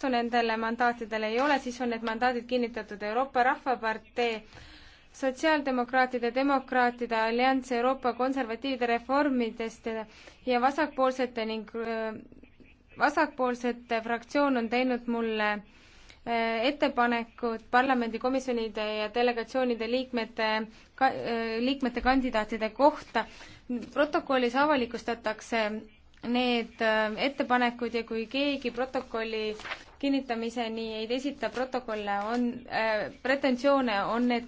vastu nendele mandaatidele ei ole, siis on need mandaadid kinnitatud Euroopa Rahvapartei sotsiaaldemokraatide, demokraatide allianss Euroopa konservatiivide reformidest ja vasakpoolsete ning vasakpoolsete fraktsioon on teinud mulle ettepanekud parlamendikomisjonide ja delegatsioonide liikmete, liikmete kandidaatide kohta. protokollis avalikustatakse need ettepanekud ja kui keegi protokolli kinnitamiseni ei esita protokolle, on äh, pretensioone, on need